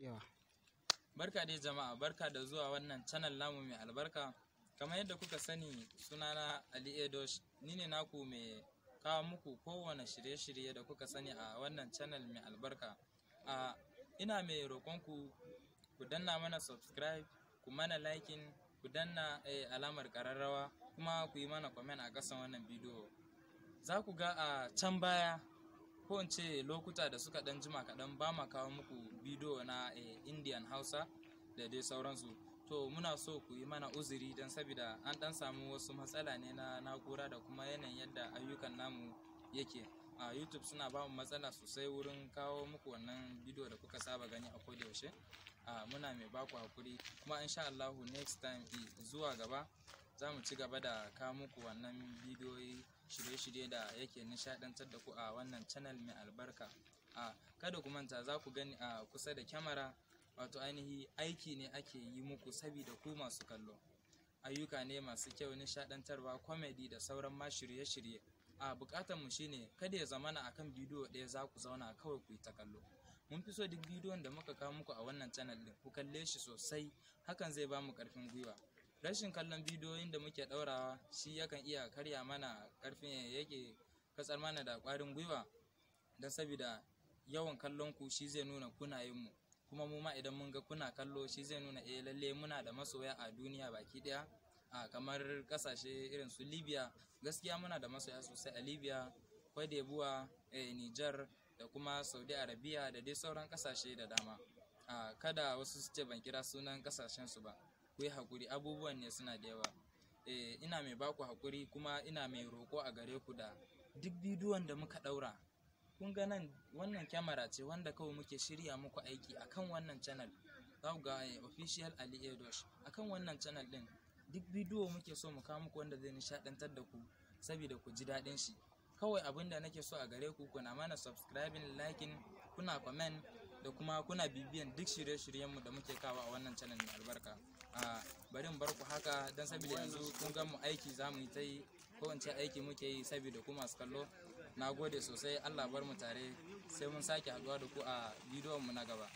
yawa barka dai jama'a barka da zuwa wannan channel namu mai albarka kamar yadda kuka sani sunana ali edosh ni ne naku mai kawo muku kowane shirye-shirye da kuka sani a wannan channel mai albarka a ina mai roƙonku ku danna mana subscribe ku mana liking ku danna eh, alamar ƙararrawa kuma ku yi mana comment a ƙasan wannan bidiyo za ku ga a can baya ko in ce lokuta da suka dan jima kaɗan ba ma kawo muku bidiyo na eh, indian hausa da dai sauransu to muna so ku yi mana uzuri don sabida an dan samu wasu matsala ne na na'ura da kuma yanayin yadda ayyukan namu yake a youtube suna ba mu matsala sosai wurin kawo muku wannan bidiyo da kuka saba gani a kodayaushe muna mai baku hakuri kuma insha allahu next time zuwa gaba za mu ci gaba da kawo muku wannan bidiyoyi shirye-shirye da yake nishaɗantar da ku a wannan channel mai albarka a kada ku manta za ku gani a kusa da kyamara wato ainihi aiki ne ake yi muku sabida ku masu kallo ayyuka ne masu kyau nishaɗantarwa comedy da sauran ma shirye-shirye a bukatar mu shine kada ya zamana akan bidiyo ɗaya za ku zauna kawai ku yi ta kallo mun fi so duk bidiyon da muka kawo muku a wannan channel din ku kalle shi sosai hakan zai ba mu ƙarfin gwiwa rashin kallon bidiyoyin da muke ɗaurawa shi yakan iya karya mana ƙarfin yake katsar mana da ƙwarin gwiwa don sabida yawan kallon ku shi zai nuna kuna yin mu kuma mu ma idan mun ga kuna kallo shi zai nuna eh lalle muna da masoya a duniya baki ɗaya a kamar ƙasashe irin su libya gaskiya muna da masoya sosai a libya kwadebuwa eh, Niger, da kuma Saudi Arabia da dai sauran kasashe da dama. A kada wasu su ce ban kira sunan kasashen su ba. ku yi haƙuri abubuwan ne suna da yawa eh ina mai baku haƙuri kuma ina mai roƙo a gare ku da duk bidiyon da muka ɗaura kun ga nan wannan kyamara ce wanda kawai muke shirya muku aiki akan wannan channel za ku ga eh, official Ali Edosh akan wannan channel ɗin, duk bidiyo muke so mu kawo muku wanda zai nishaɗantar da ku saboda ku ji daɗin shi kawai abin da nake so a gare ku kuna mana subscribing liking kuna comment da kuma kuna bibiyan duk shirye-shiryenmu da muke kawo a wannan channel mai albarka a bari mu bar ku haka don saboda yanzu kun gan mu aiki za mu yi ta yi ko aiki muke yi saboda ku masu kallo na gode sosai allah bar mu tare sai mun sake haɗuwa da ku a bidiyon mu na gaba